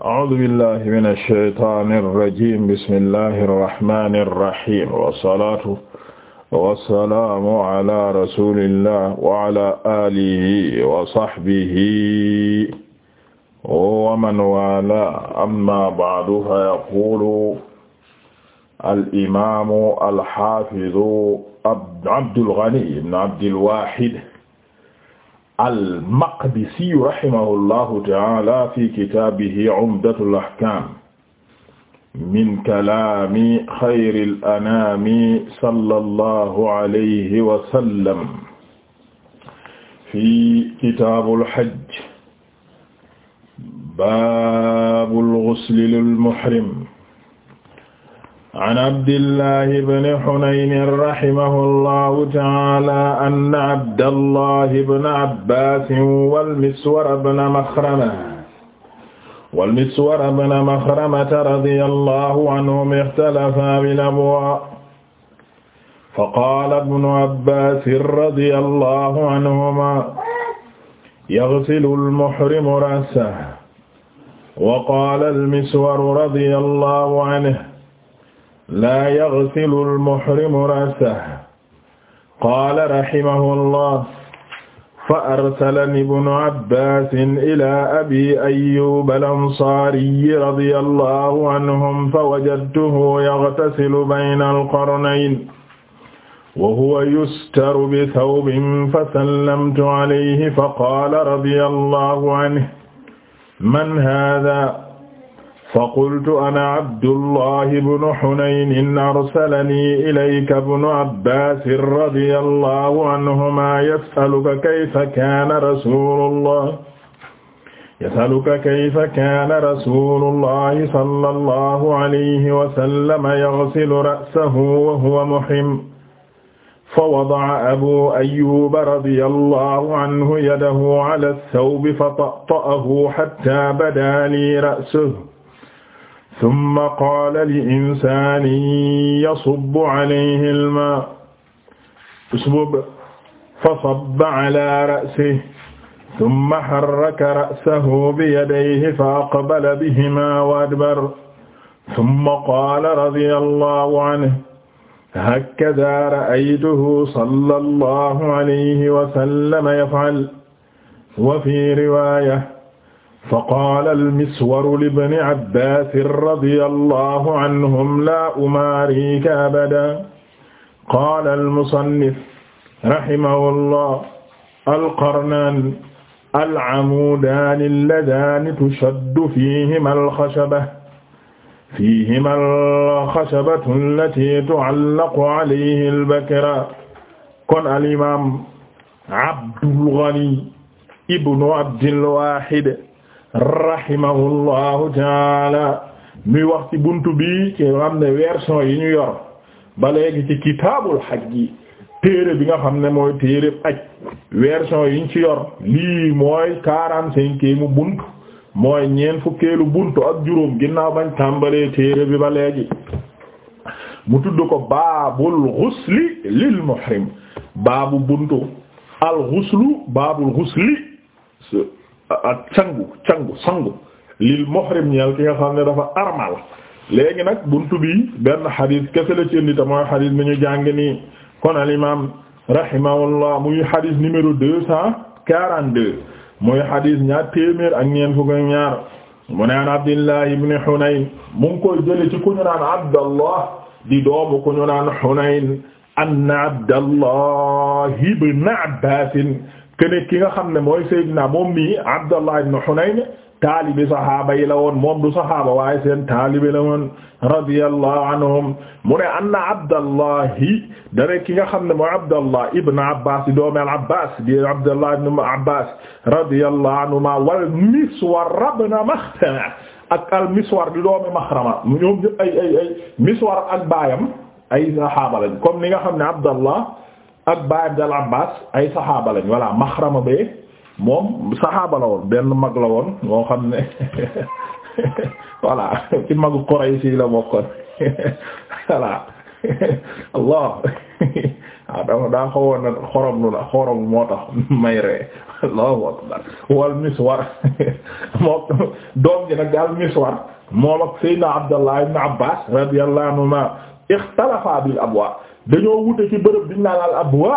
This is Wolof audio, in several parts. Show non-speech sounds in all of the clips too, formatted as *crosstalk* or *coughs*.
a'uuzu billahi mina shaytaani rajiim bismillahi rahmaani rahiim wasalaatu wasalaamu ala rasulillah wa ala aalihi wa sahbihi wa man waalaahu amma ba'du fa yaquulu al-imaamu al-haafizu Abdul Ghani ibn Abdil Waahid al-Maqdissî rahimahullahu ta'ala fi kitaabihi Umdatul Ahkaam min kalaami xayril anaami sallallahu alayhi wa sallam fi kitaabul hajj baabul ghusli lil muhrim an abdillahi bni hunaynin rahimahullahu taala anna abdallahi bna abbasin walmiswara bna makhrama walmiswara bna makhramata radiyallahu anhum ixtalafa bil abwaa faqaala ibnu abbaasin radiyallahu anhumaa yaghsilu al-muhrimu ra'sahu wa qaala al-miswaru radiyallahu anhu laa yaghsilu al-muhrimu ra'sahu qaala rahimahullah fa arsalani ibnu abbaasin ilaa abii ayyuuba al-ansaari radiyallaahu anhum fa wajadtuhu yaghtasilu bayna al-qarnayn wa huwa yustaru bi-thawbin fa sallamtu alayhi fa qaala radiyallaahu anhu man haadhaa faqultu ana abdullah ibnu hunayn arsalani ilayka ibnu abbas radiyallahu anhuma yasaluka kayfa kaana rasulullah yasaluka kayfa kaana rasulullah sallallahu alayhi wa sallam yaghsilu ra'sahu wa huwa muhrim fawada'a abu ayyub radiyallahu anhu yadahu ala ath-thawbi fata'ta'ahu hatta bada li ra'suhu summa qaala li insaani yasubbu alayhi al-maa fa sabba alaa ra'sihi summa harraka ra'sahu biyadayhi fa aqbala bihimaa wa adbara summa qaala radiyallaahu anhu hakazaa ra'aytuhu sallallaahu alayhi wa sallam yaf'alu wa fii riwaaya فقال المسور لابن عباس رضي الله عنهم لا أماريك أبدا قال المصنف رحمه الله القرنان العمودان اللذان تشد فيهما الخشبة فيهما الخشبة التي تعلق عليه البكرة kon الإمام عبد الغني ابن عبد الواحد rahimahullahu taala muy wax ci buntu bi ci xam ne version yi ñu yor ba léegi ci kitaabul hajj yi téere bi nga xam ne mooy téere aj version yi ñu ci yor lii mooy quarante-cinquième buntu mooy ñeent fukkeelu buntu ak juróom ginnaaw bañ tàmbalee téere bi ba léegi mu tudd ko baabul ghusli lil muhrim baabu buntu al ghuslu baabul ghusli ak cangu cangu sangu lil muhrim ñeel ki nga ne dafa armal léegi nag buntu bi benn xadis kese la ci indi te mooy xadis jàng nii kon al imam rahimahullah muy xadis numéro deux cent quarante muy xadis ñaar téeméer ak ñeent fukk ak ñaar mu ne an Abdullah ibn Hunayn mu ngi koy ci ku ñu Abdallah di doomu ku ñu naan Hunayn Abdallah ibn Abbas kene ki nga xam ne mooy Seydina moom mii Abdallah ibn Hunayn taalibi sahaaba yi la woon moom du sahaaba waaye seen taalibi la woon radiyallahu anhum mu ne anna Abdallahi dara ki nga xam ne mooy Abdallah ibn Abbas yi doomeel Abbas di Abdallah ibn Abbas radiyallahu anhuma wal Miswar ibn Maxrama ak al Miswar di doomi Maxrama ñoom ñëpp ay ay ay Miswar ak baayam ay sahaaba lañ comme ni nga xam ne Abdallah ak baayam dal Abbaas ay saxaaba lañ voilà Maxrama be moom saxaaba la woon benn mag la woon moo xam ne *laughs* voilà ci magu Quraysi la bokkoon *laughs* voilà *laughs* Allah waaw ah, dama daa xawoon na xorom lu la xorom moo tax may ree Allahu akbar wal Miswar moom doom ji nag daal Miswar moom ak Seydina Abdallah ibn Abbaas radiyallahu anhuma ixtalafa bil abwaa dañoo wute ci bërëb bi ñu naan al abwa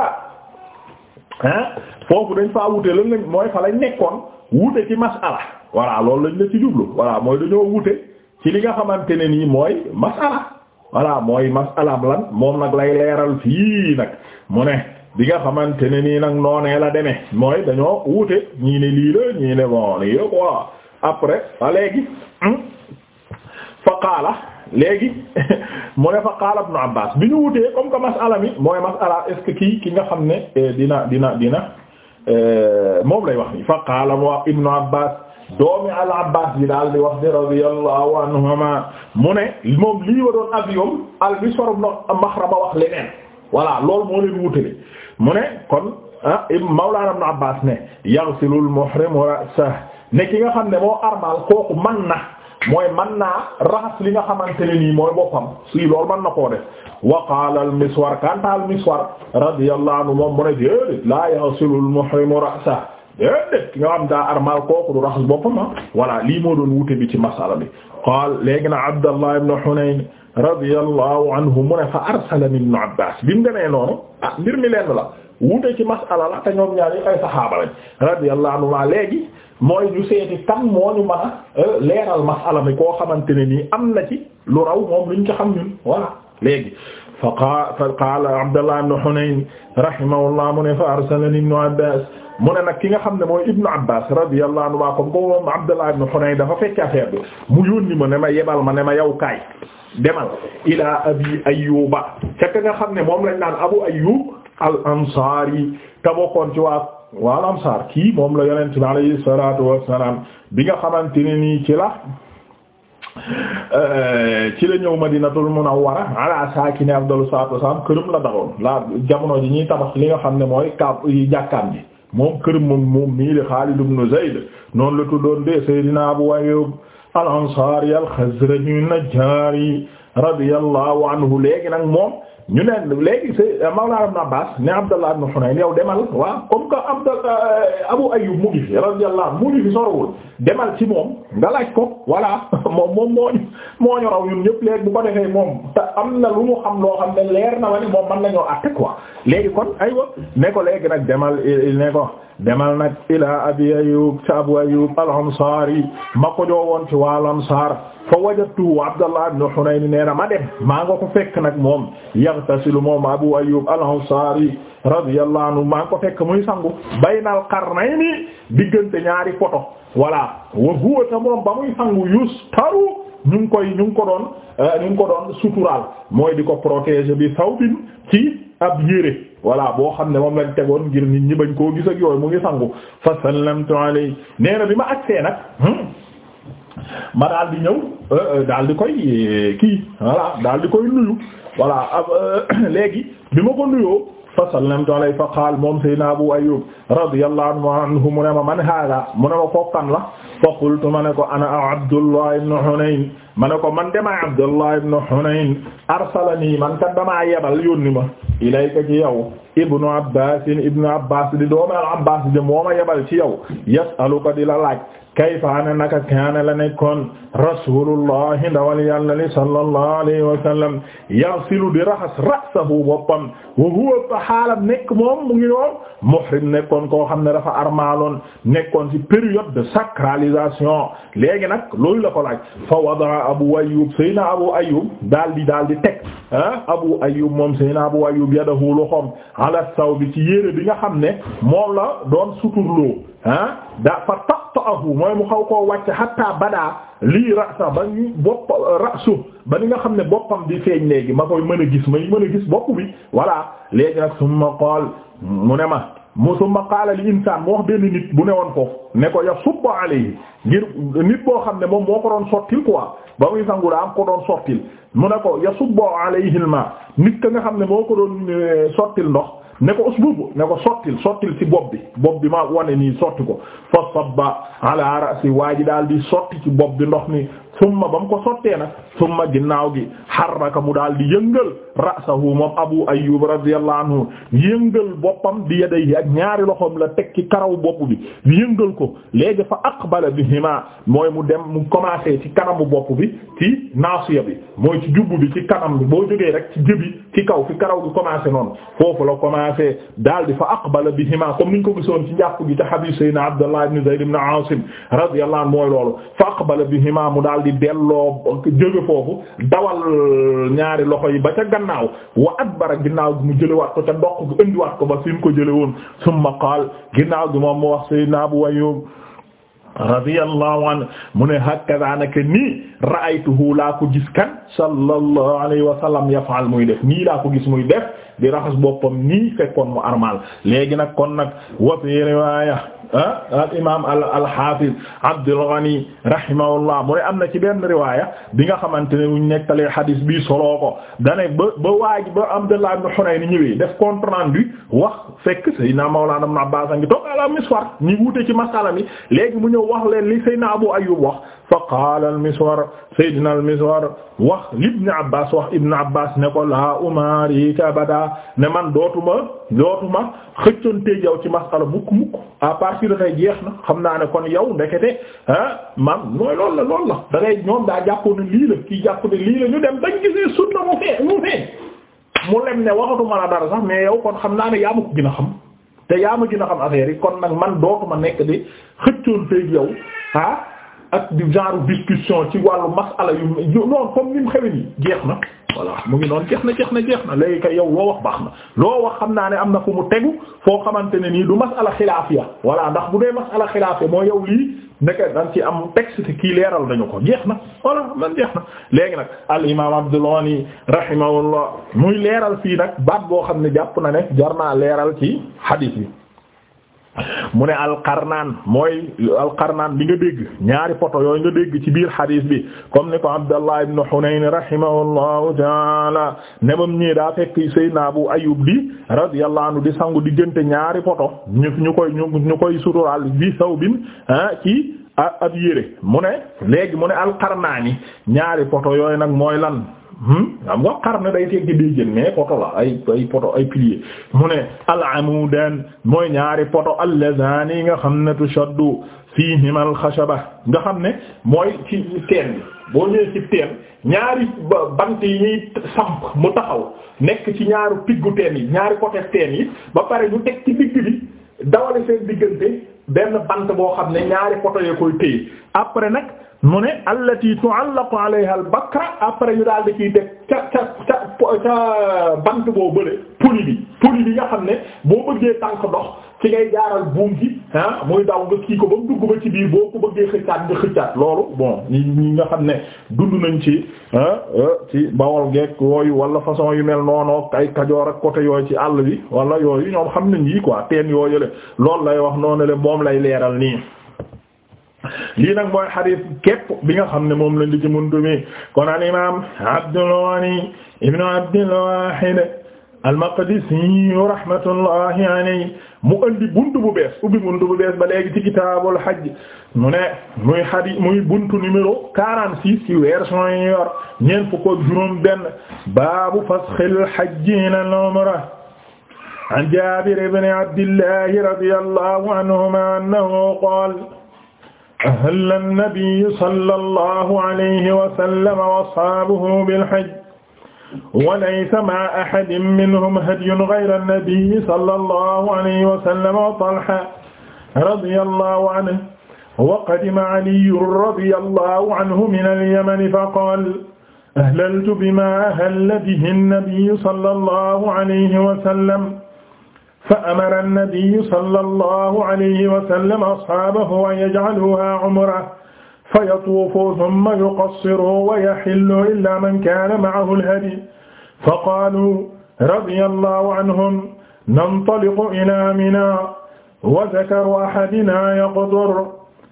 ah foofu dañ faa wute lan lañ mooy fa lañ nekkoon wute ci masala voilà loolu lañ la ci jublu voilà mooy dañoo wute ci li nga xamante ne nii mooy masala voilà mooy masala lan moom nag lay leeral fii nag mu ne bi nga xamante ne nii nag e la demee mooy dañoo wute ñii ne lii ñii ne bon lii la quoi après ba léegi hmm? fa qaala léegi *laughs* mu ne fa qaala ibn Abbaas bi ñu wutee comme que masala mi mooy masala est-ce kii ki nga xam ne eh, dina dina dina eh, moom lay wax ni fa qaala mu wax Abbaas doomi al Abbaas yi daal di wax ni radiyallahu anhuma mu ne moom lii wa doon aviom al Miswar ibn Maxrama wax leneen voilà loolu moo leen wutale mu ne kon ah Mawlaana ibn Abbaas ne yaghsilu al muhrim ra'sahu ne ki nga xam ne moo armal kooku man na mooy mën naa li nga xamante ne nii mooy boppam si loolu mën na koo def wa qaala al miswar kanta al miswar radiyallahu anhu moom mu boppam ah voilà lii moo doon wute bi ci masala bi qaal léegi na abdallah ibn hunayn radiyallahu mu ne fa arsala ibn abbas bi mu demee noonu ah, mbir mi lenn la wu wute ci masala la te ñoom ñaar ay saxaaba lañ radiyallahu waa léegi mooy ñu seeti kan moo ñu mën a euh, leeral masala mi koo xamante ne nii am na ci lu raw moom luñ ci xam ñun voilà léegi fa qaala Abdallah ibn Hunayn rahimahullah mu ne fa arsalani ibnu Abbas mu ne nag ki nga xam ne mooy ibnu Abbas radiyallahu anhu waa comme ko moom Abdallah ibn dafa fekk affaire bi mu yónni ma ne ma yebal ma ne ma yow kaay demal ila abi ayyuba fekk nga xam ne moom lañ naan abu ayyub al ansaari te bokkoon ci waa waa al ansaar kii moom la yonent bi alayhi salaatu wassalaam bi nga xamante ne nii ci la euh, ci la ñëw madinatul munawwara ala saakini afdalu salaatu wassalaam këram la daxoon la jamono ji ñuy tabax li nga xam ne mooy kaab euh, jàkkaam ji moom kër moom moom mii di Xaalid ibn Zayd noonu la tuddoon de Seydina Abu Ayyub al-Ansaari al-Xazraji an-Najjaari radiyallahu anhu léegi nag moom ñu ne léegi c'est euh, Mawlana Ibn Abbas ne Abdallah ibn Hunayn yow demal waa kom que Abdallah euh, Abu Ayyub mu ngi fi radiyallahu mu ngi demal si moom nga laaj ko voilà *laughs* moom moom moo ñu moo ñu raw ñun ñëpp léegi bu ko moom am na lu mu xam loo xam ne leer na ma moom man mën ñoo àtte quoi léegi kon aywa ne ko léegi nag demal ne ko. demal nag ila abi ayub ca abu ayub al-ansari ma ko joowoon ci waa al-ansar fa wajadtu abdallah ibn hunayn nee na ma dem maa nga ko fekk nag moom yaghtasilu moom abu ayub al-ansari radiyallahu anhu maa ngi ko fekk muy sangu baynal qarnayni diggante ñaari poto voilà wa huwa ta moom ba muy sangu yustaru ñu ngi koy ñu ngi ko doon euh, ñu ngi ko doon suturaal mooy di ko protéger bi sawbin ci ab yére voilà boo xam ne moom lañ tegoon ngir nit ñi bañ koo gis ak yooyu mu ngi sangu fa sallamtu alayhi nee na bi ma agsee nag hmm, ma daal di ñëw euh, euh, daal di koy euh, kii voilà daal di koy nuyu voilà *coughs* léegi bi ma ko nuyoo fa sallamtu alayhi fa qaal moom saydna Abu Ayyub radiyallahu anhu mu ne ma man hada mu ne ma kokkan la fa qultu ma ne ko ana Abdullah ibn Hunayn ma ne ko man dama Abdullah ibn Hunayn arsalani man kat damaa yebal yónni ma ilayka ci yow ibnu Abbas ibnu Abbas di doomu al Abbas di moo ma yebal ci yow yasaluka di la laaj kayfa ana naka kaana la nekkoon rasulullahi ndawal yàlla li sallallahu alayhi wa sallam yasilu di raxas rasahu boppam wa huwa ta xaalam nekk moom mu ngi noon muhrim nekkoon koo xam ne dafa armaaloon nekkoon ci période de sacralisation léegi nag loolu la ko laaj fa wadaa abu ayyub sayna abu ayyub daal di daal di teg ah abu ayyub moom sayna abu ayyub yadahu loxoom ala saw bi ci yére bi nga xam ne moom la doon suturloo ah da fa taqta'ahu mooy mu xaw koo wàcc hatta badaa lii rasa ba ñu bopp rasu ba ni nga xam ne boppam di feeñ léegi ma koy mën a gis may mën a gis bopp bi voilà léegi nag summa qaal mu ne ma mu summa qaala li insaan mu wax benn nit bu woon ko ne ko ya subba alayhi ngir nit boo xam ne moom moo ko doon sottil quoi ba muy sangu daa am ko doon sottil mu ne ko ya subba alayhi al ma nit ka nga xam ne moo ko doon euh, sottil ndox ne ko usbubu ne ko sottil sottil si bopp bi bopp bi ma wane nii sotti ko fa ba ala ra'si waa ji daal di sotti ci bopp bi ndox mi summa ba mu ko sottee nag summa ginnaaw gi harraka mu daal di yëngal ra'sahu moom abu ayyub radiyallahu anhu yëngal boppam bi yadayhi ak ñaari loxoom la teg ci karaw bopp bi yëngal ko léegi fa aqbala bihima mooy mu dem mu commencé ci kanamu bopp bi ci naasiya bi mooy ci jubbu bi ci kanam bi boo jógee rek ci jëbi ci kaw fi karaw gi commencé noonu foofu la commencé daal di fa aqbala bihima comme niñ ko gisoon ci njàpp gi te hadith sayyidina abdullah ibn zayd ibn asim radiyallahu anhu mooy loolu fa aqbala bihima mu daal daal di delloo jóge foofu dawal ñaari loxo yi ba ca gannaaw wa adbara ginnaaw gi mu jëlewaat ko ca doq gi indiwaat ko ba fi ko jële woon summa qaal ginnaaw gi moom mu wax sayyidina Abu Ayyub radiyallahu anhu mu ne hakada nak nii ra'aytuhu laa ko gis kan sallallahu alayhi wa sallam yaf'al muy def ni laa ko gis muy def di raxas boppam ni fekkoon mu armal léegi nag kon wa fi riwaaya Ah, al imaam al alxaafiz Abdul Ghani rahimahullah mu ne am na ci benn riwaaya bi nga xamante ne wuñ nekkalee xadis bii soloo ko dane ba ba waaj ba am Abdullah ibn Hunayn ñëwee def compte rendu wax fekk Seydina Mawlana Ibn Abbaas a ngi toog ala miswar ñi wuute ci masala mi léegi mu ñëw wax leen li Seydina Abu Ayyub wax fa qaala al-Miswar sayyidina al-Miswar wax libni Abbas wax ibni Abbas ne ko laa umaarika abadan ne man dootuma dootuma xëccanteeg yow ci masala mukk mukk à partir de tey jeex na xam naa ne kon yow ndekete ah man mooy loolu la loolu la da ngay ñoom daa jàppoon ne lii la kii jàpp ne lii la ñu dem bañ gisee sunna mu fee mu fee mu lem ne waxatuma la dara sax mais yow kon xam naa ne yaa ma ko gën a xam te yaa ma a xam affaire yi kon nag man dootuma nekk di xëccanteeg ak du genre discussion ci wàllu masala yu noonu comme ni mu xewe nii jeex na voilà mu ngi noonu jeex na jeex na jeex na léegi kay yow loo wax baax na loo wax xam naa ne am na fu mu tegu foo xamante ne nii du masala ya voilà ndax bu dee masala xilaafiya mooy yow lii nekk dañ ci am texte kii leeral nañu ko jeex na voilà man jeex na léegi nag al imam Abdul Ghani rahimahullah muy leeral fii nag baat boo xam ne jàpp na ne jar naa leeral ci hadith yi mu ne alqarnaan mooy al alqarnaan bi nga dégg ñaari poto yooyu nga dégg ci biir xadis bi comme ni ko Abdallah ibn Hunayn rahimahullahu taala nebam ñii daa fekk Seydina Abu Ayyub di radiyallahu anhu di sangu diggante ñaari poto ñu ñu koy ñu koy suturaal bi saw bin ci ab yére mu ne léegi mu ne alqarnaani ñaari poto yooyu nag mooy lan Hmm? xam nga xarna day tekki day jën mais poto la ay ay poto ay pilier mu ne al amudan mooy ñaari poto allazaan yi nga xam ne tushaddu fihima al xashaba nga xam ne mooy ci teen bi boo ñëwee ci teen ñaari bant yi ñuy samp mu taxaw nekk ci ñaaru piggu teen yi ñaari côté teen yi ba pare ñu teg ci digg bi dawale seen diggante benn bant boo xam ne ñaari poto yee koy téye après nag mu ne allati tu'allaqu alayha al-bakra après ñu daal di ciy teg ca ca ca ca bant boo bële poli bi poli bi nga xam ne boo bëggee tànk dox ci ngay jaaral buum gi ah, muy daw nga kii ko ba mu dugg ba ci biir boo ko bëggee xëccaat nga xëccaat loolu bon ñi ñi nga xam ne dund nañ ci ah, ah ci bawol geek yooyu wala façon yu mel noonu ay kajoor ak côté yooyu ci àll bi wala yooyu ñoom xam nañ yi quoi teen yooyu le loolu lay wax noonu le moom lay leeral nii lii nag mooy xadiis képp bi nga xam ne moom lañ di ci muntu mi kon al imam Abdul Ghani ibnu Abdul Wahid al-Maqdisi rahmatullahi alayhi mu andi buntu bu bees ubbi buntu bu bees ba léegi ci kitaabul hajj mu ne muy hadi muy buntu numéro quarante six ci version yi yor ñeent fukk ak juróom benn baabu fasxil hajji ilal umra an jaabir ibn abdillahi radiyallahu anhuma annahu qaala ahalla an-nabiyyu sallallahu alayhi wa sallam wa ashaabuhu bil hajj walaysa ma ahadin minhum hadyun ghayra an-nabi sallallahu alayhi wa sallam wa Talha radiyallahu anhu wa qadima Ali radiyallahu anhu min al-Yaman fa qala ahlaltu bima ahalla bihi an-nabi sallallahu alayhi wa sallam فأمر النبي صلى الله عليه وسلم أصحابه أن يجعلوها عمرة fa yatuufu thumma yuqassiru wa yahillu illaa man kaana ma'ahu al-hadyi fa qaaluu radiyallaahu anhum nantaliqu ilaa Minaa wa zakaru ahadinaa yaqdur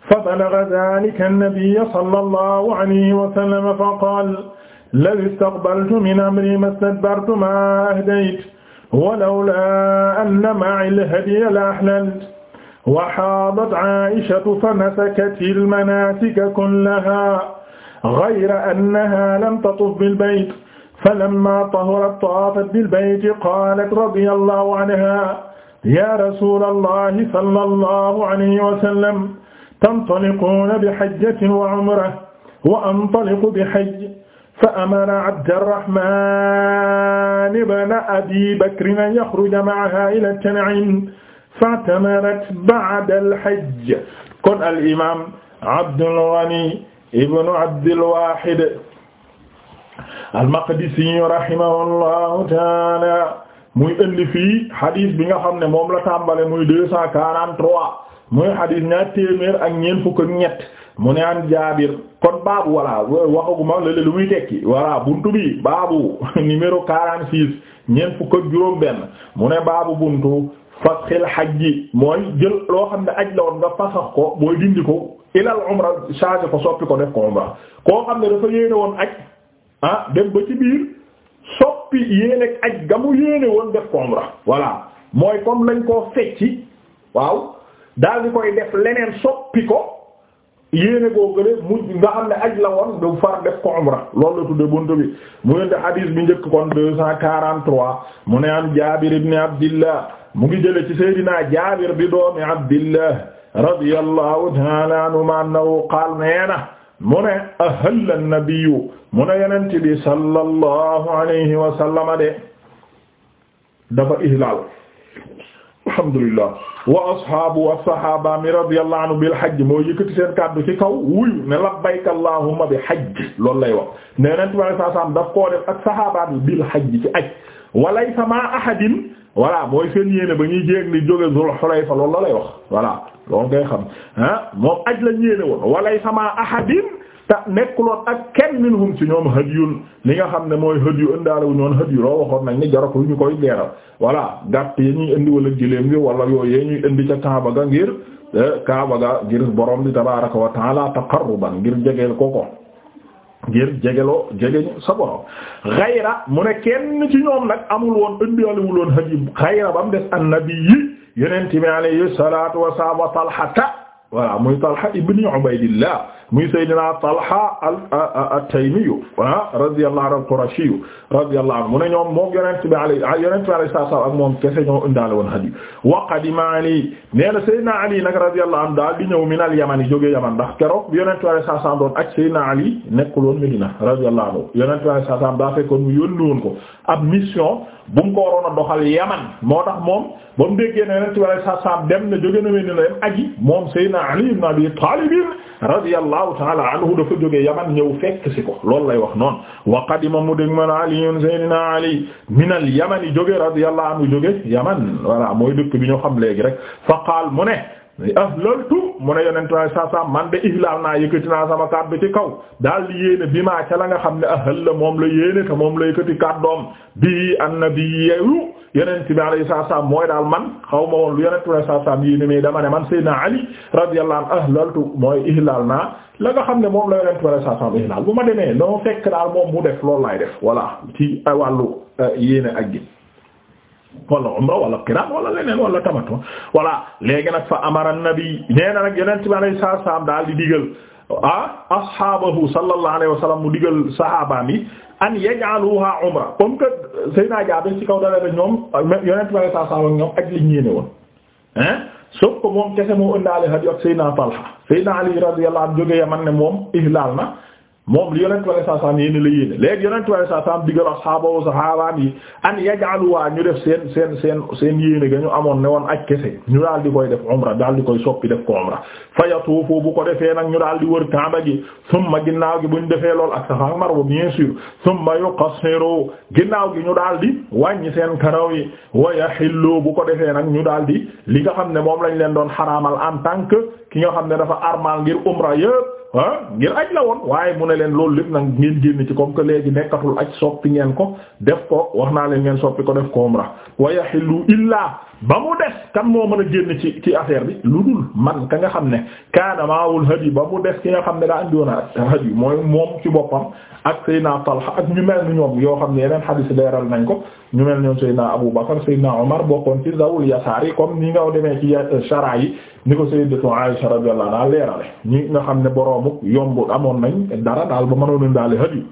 فبلغ ذلك النبي صلى الله عليه وسلم فقال لو استقبلت من أمري ما استدبرت ما أهديت ولولا أن معي الهدي لأحللت وحاضت عائشة فنسكت المناسك كلها غير أنها لم تطف بالبيت فلما طهرت طافت بالبيت قالت رضي الله عنها يا رسول الله صلى الله عليه وسلم تنطلقون بحجة وعمرة وأنطلق بحج فأمر عبد الرحمن بن أبي بكر أن يخرج معها إلى التنعيم fatamarat ba'da al-hajj kon al imaam Abdul Ghani ibn Abdul Wahid al-Maqdisi rahimahullahu ta'ala muy indi fii hadith bi nga xam ne moom la tàmbale muy deux quarante-trois muy hadith ñaar téeméer ak ñeent fukk ak ñett mu ne an Jaabir kon baabu walla waxaguma lële lu muy tekki walla buntu bi baabu *laughs* numéro quarante-six ñeent fukk ak juróom benn mu ne baabu buntu fasxil hajji mooy jël loo xam ne aj la woon nga fasax ko mooy dindi ko ilal umra changé ko soppi ko def ko umra koo xam ne dafa yéene woon aj ah dem ba ci biir soppi yéene aj ga mu yéene woon def ko umra voilà mooy comme lañ koo fecci waaw daal di koy def leneen soppi ko yéene koo gële mu nga xam ne aj la woon nga far def ko umra loolu la tudde buntu bi mu ngi leen bi njëkk kon 243 mu ne am Jaabir ibn Abdillah mu ngi jële ci Seydina Jaabir bi doomi Abdillah radiyallahu ta'ala anhuma annahu qaal neena mu ne ahalla nabiyyu mu ne yonent bi sallallahu alayhi wa sallama de dafa ihlaal alhamdulillah wa ashaabu ak sahaaba mi radiyallahu anhu bil hajj moo yëkkati seen kàddu ci kaw wuyu ne labbayka allahumma bi hajj loolu lay wax ne yonent bi sallallahu alayhi wa sallam daf koo def ak sahaaba bi bil hajj ci aj wa laysa ma ahadin voilà mooy seen yéene ba ñuy jéeg li jóge Zul Hulayfa loolu la lay wax voilà loolu ngay xam ah moom aj lañ yéene woon walay sama ahadin te nekkuloon ak kenn minhum ci ñoom hadiyun li nga xam ne mooy hadiyu ëndaale wu ñoon hadiyu loo waxoon nañ ni jarako ñu koy leeral voilà gàtt yi ñuy indi wala jëléem bi wala yooyu yee ñuy indi ca Kaaba ga ngir eh, Kaaba ga ngir borom bi tabaaraka wa taala taqarruban ngir jegeel ko ko ngir jegeloo jegeñu sa borom xayra mu ne kenn ci ñoom nag amul woon indiwalewul woon haj yi xayra ba mu des annabi yi yonent bi alayhi salaatu wa salaam wa talhata voilà muy talha ibn ubaydillah muy Seydina Talha at-Taymiyu ah, radiyallahu anhu al-Qurashiyu radiyallahu anhu mu ne ñoom moom yonent bi alayhi ah, yonent bi alayhi salaam ak moom kese ñoo indaale woon hadiyu wa qadima Ali nee na Seydina Ali nag radiyallahu anhu daal di ñëw min al-Yaman jógee Yaman ndax keroog yonent bi alayhi salaam doon ak Seydina Ali nekkul woon Medina radiyallahu anhu yonent bi alayhi salaam daa fekkoon mu yónni woon ko ab mission bu mu ko waroon a doxal moo tax moom ba mu déggee ne yonent dem na jóge na Medina dem aji moom radiyallahu ta'ala anhu dafa jógee yaman ñëw fekk si ko loolu lay wax noonu wa qadima mu dég man aliyun sayyidina ali min al yaman jóge radiyallahu anhu jóge yaman voilà mooy dëkk bi ñoo xam léegi rek fa qaal mu ne ahlaltu mu ne yonentu waaye saa saa man de ihlal naa yëkkati naa sama kàddu ci kaw daal di yéene bi ma ca la nga xam ne ahal ah, la moom la yéene te moom la yëkkati kàddoom bi annabiyyu yonent bi alayhi saa saa mooy daal man xaw ma woon lu yonentu waaye saa saa yéene mais dama ne man Seydina Ali radiyallahu anhu ahlaltu mooy ihlal naa la nga xam ne moom la yonentu waaye saa saa ihlal bu ma demee noo fekk daal moom mu def loolu laay def voilà ci wàllu euh, yéene gi wala umra wala qiraan wala leneen wala tamattu voilà léegi nag fa amara nabi nee na nag yonent bi alayhi salaatu salaam daal di digal a ashaabahu sallallahu alayhi wa sallam mu digal saxaabaam yi an yaj'aluha umra comme que Seydina Jaabir ci kaw dara ñoom yonent bi alayhi salaatu salaam ak ñoom aj li ñeene woon hein sauf que moom kese moo ëndaale hadiyu ak Seydina Talha Seydina Ali radiyallahu anhu jóge Yaman ne moom ihlaal na moom li yonent wala saasaam yéen la yéene léegi yonent wala saasaam digal asxaaba wa saxaabaan yi an yajaluwaa ñu def seen seen seen seen yéene ga ñu amoon ne woon ak kese ñu daal di koy def umra daal di koy soppi def ko umra fa yatuufu bu ko defee nag ñu daal di wër Kaaba gi summa ginnaaw gi bu ñu defee lool ak Safaa ak Marwa bien sûr summa ginnaaw gi ñu daal di wàññi seen karaw yi wa yahillu bu ko defee nag ñu daal di li nga xam ne moom lañ leen doon xaraamal en tant que ki nga xam ne dafa armal ngir umra yépp ah ngir aj la woon waaye mu ne leen loolu lit nag ngeen génn ci comme que léegi nekkatul aj soppi ngeen ko def ko wax naa leen ngeen soppi ko def ko umra wa yaxillu illaa ba mu des kan moo mën a génn ci ci affaire bi lu dul man ka nga xam ne kaana maawul hadi ba mu des ki nga xam ne daa indiwoon ak hadi mooy moom ci boppam ak Seydina Talha ak ñu mel ni ñoom yoo xam ne yeneen xadiis leeral nañ ko ñu mel ñoom Seydina Abu Bakar Seydina Omar bokkoon ci zawul yasaar yi comme ni nga demee ci shara yi ni ko Sayyidatu Aisha radiyallahu anha leerale ñi nga xam ne boroomu yomb amoon nañ dara daal ba mënoon daal hadi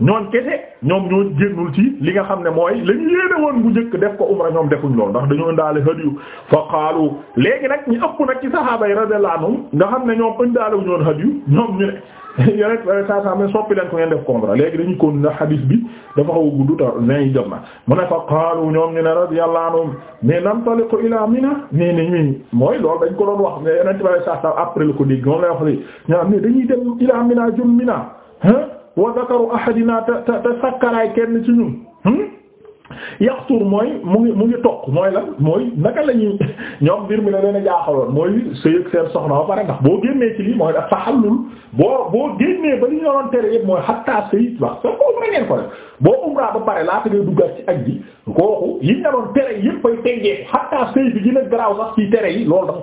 ñooñ kese ñoom ñoo génnul ci li nga xam ne mooy la yéene woon bu jëkk def ko umra ñoom defuñ lool ndax dañoo daale hadiyu fa qaalu léegi nag ñu ëpp nag ci sahaaba yi radiyallahu anhum nga xam ne ñoom indaale wu ñoon hadiyu ñoom ñu ne yonet sa sa soppi leen ko ngeen def ko umra léegi dañu ko ndax hadis bi dafa xaw gudd ta nay jot na mu ne fa qaalu ñoom ñu ne radiyallahu anhum mais nantaliqu ila mina nii ni ñuy mooy loolu dañ ko doon wax mais yonent bare sa sa après la ko dégg moom lay wax li ño am ne wa zakaru ahadina te te te sakkaraay kenn ci ñun hmm? yaxtur mooy mu ngi mu ngi toq mooy la mooy naka la ñuy *laughs* ñoom mbir mi la leen a jaaxaloon moo sëy ak seen soxna ba pare ndax boo génnee ci lii mooy dafa xallul boo boo génnee ba li ñu doon tere yëpp mooy xattaa sëy wax soo ko umra ngeen ba pare laata ngay duggaat ak ji kooku yi nga doon tere yëpp ay teggeeku xattaa sëy bi gën a garaaw sax ci da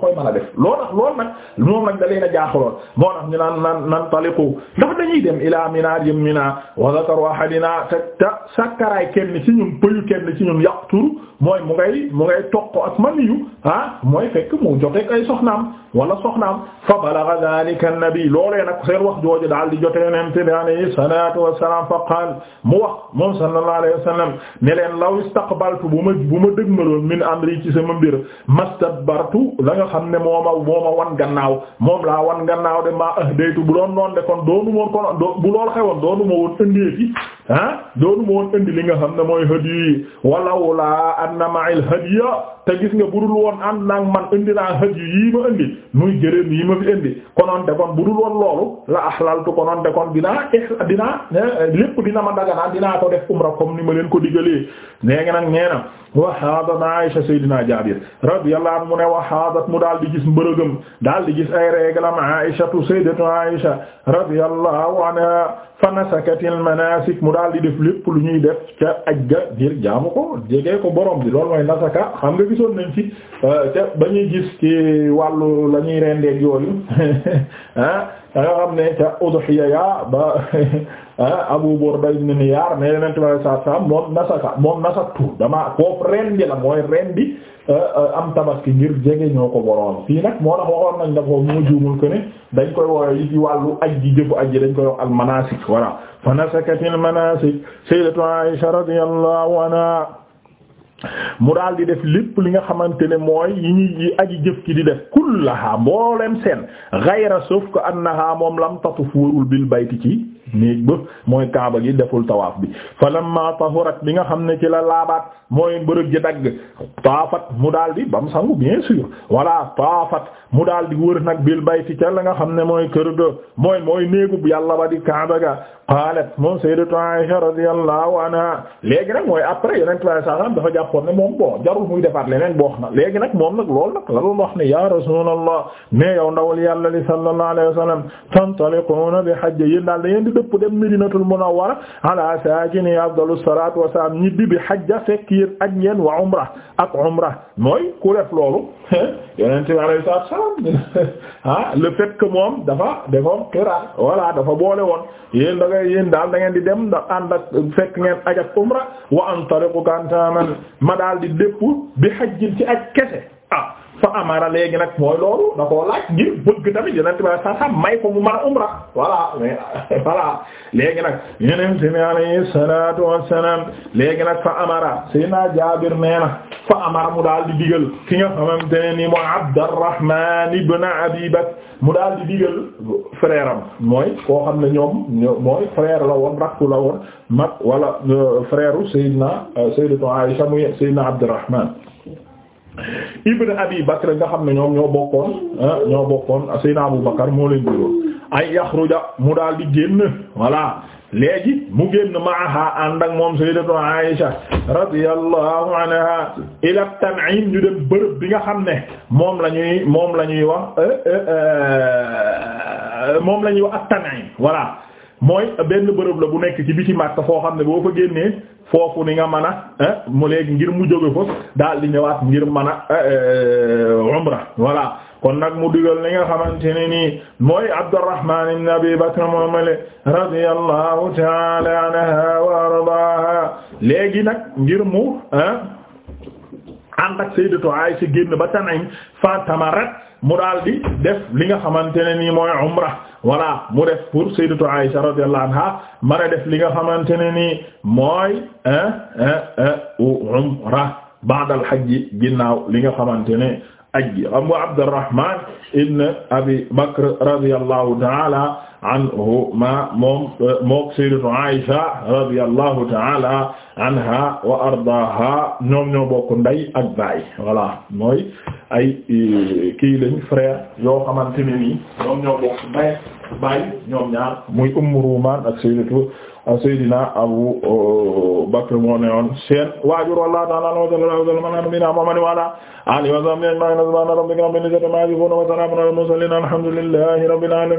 koy mën a def loolu tax loolu nag moom nag da leen a moo tax ñu naan naan naan taliku ndax dañuy dem ilaa mina jëm mina wa zakaru ahadina te te sakkaraay kenn ci ñun maniyu kenn ci ñun yaqtur mooy mu ngay mu ngay toq ak maniyu ah mooy fekk mu joteeg ay soxnaam wala soxnaam fa balagha dhalika an-nabi loolee nag seen wax jooju daal di jotee neen te alayhi salatu wassalam fa qaal mu wax moom sallallahu alayhi wasallam ne leen law istaqbaltu bu ma bu ma dëgmaloon min amri ci sama mbir mastadbartu la nga xam ne mooma a wan gannaaw moom laa wan gannaaw de maa ahdaytu bu doon noon de kon doonu moon kon bu lool xewoon doonu ma woon indi yi walawlaa anna ma'al hadiya te gis nga budul woon am naag man indi naa hadiyu yii ma indi muy gëléem yii ma fi indi konoon te kon budul woon loolu la ahlaltu konoon te kon dinaa dinaa lépp dina ma daganaan dinaa ko def umra comme ni ma leen ko digalee nee nga nag nee na wa hadat Aisha sayyidina Jaabir radiyallahu anhu mu ne wa hadat mu daal di gis mbërëgëm daal di gis ay réglam Aishatu sayyidatu Aisha radiyallahu anha fa nasakatil manasik mu daal di def lépp jaamu ko jege ko borom bi loolu mooy nasaka xam nga na nañ ci ca euh, ba ñuy gis ci wàllu la ñuy rendeeg yooyu *laughs* ah da nga xam ne ca udhiya ya ba *laughs* ah, Abu Burda ibn Niyar ne yeneen tubaab yi saa moom nasaka moom nasaktu damaa koo rendi la mooy rendi Euh, am tabaski ngir jege ñoo ko boroom fii nag moo tax waxoon nañ la foofu mu juumul ko ne dañ koy woowe yi ci wàllu aj ji jëfu aj ji dañ koy wax al manasik voilà fa nasakatil manasik sayyidatu Aisha radiyallahu anha mu daal di def lépp li nga xamante ne mooy yi ñuy yi jëf ci di def kullaha mboolem seen ghayra sauf ko annaha moom lam tatuf wërul bil bayti ci néeg ba mooy kaaba gi deful tawaaf bi fa lamma tahurat bi nga xam ne ci la laabaat mooy bërëb ji dagg taafat mu daal di bam sangu bien sûr wala taafat mu daal di wër nag bil bayti ca la nga xam ne mooy kër ga mooy mooy néegub yàlla ba di kaaba ga qaalat moom sayyidatu Aisha radiyallahu anha jàppoon ne moom bon jarul muy defaat leneen boo xam léegi nag moom nag loolu nag la doon wax ne ya rasulallah ne yow ndawal yàlla li sallallahu alayhi wa sallam tantaliquna bi hajj yéen daal da ngeen di dëpp dem Madinatul Munawwara ala saakini afdalu salaatu wa salaam ñibbi bi hajj fekk yéen ak ngeen wa umra ak umra mooy ku def loolu yonent bi alayhi salaatu wa salaam ah le fait que moom dafa defoon xiraat voilà dafa boole woon yéen da ngay yéen daal da di dem da ànd ak fekk ngeen ajak umra wa antaliqu kantaman ma daal di dépp bi xajjin ci ak kese ah fa amara léegi nag mooy loolu da koo laaj ngir bëgg tamit yeneen tubaab yi sax sax may ko mu mën a umra voilà *laughs* voilà nag yeneen tamit alayhi fa amara Seydina Jaabir nee fa amara mu daal di digal ki nga xamante ne nii mooy Abdurrahman ibn mu daal di digal frère mooy koo xam ne ñoom mooy frère la woon rakku la woon mag wala euh, frère Seydina euh, Sayyidatu Aisha muy ibn abi bakr nga xam ne ñoom ñoo bokkoon ah, ñoo bokkoon sayna abu bakar moo leen juróom ay yaxruja mu daal di génn voilà léegi mu génn maaha ànd ak moom sayyidatu Aisha radiyallahu anha ila Tan'im ñu dem bërëb bi nga xam ne moom la ñuy moom la ñuy wax euh, euh, euh, moom la ñuy wax ak Tan'im voilà mooy benn bërëb la bu nekk ci biti Makka foo xam ne boo fa génnee foofu ni nga mën a mu léegi ngir mu jóge foofu daal di ñëwaat ngir mën a eh, eh, umra voilà kon nag mu digal li nga xamante ne nii mooy Abdurrahman ibn Abi Bakr moomale radiyallahu ta'ala anha wa ardaha léegi nag ngir mu ànd ak sayyidatu Aisha génn ba Tan'im fa tamarat mu daal di def li nga xamante ne nii mooy umra voilà mu def pour sayyidatu Aisha radiyallahu anha mën a def li nga xamante ne nii mooy umra ba'dal hajji ginnaaw li nga xamante ne ajji xam nga Abdurrahman ibn Abi Bakr radiyallahu ta'ala anhuma moom mook sayyidatu Aisha radiyallahu ta'ala anha wa ardaha ñoom ñoo bokk ndey ak baay voilà mooy ay e, kii lañ frère yoo xamante ne ni ñoom ñoo bokk ndey baay ñoom ñaar muy Ummu Rumaan ak sayyidatu Seydina Abu Bakr moo ne woon seen waajur wallahu ta'ala wa sallam ala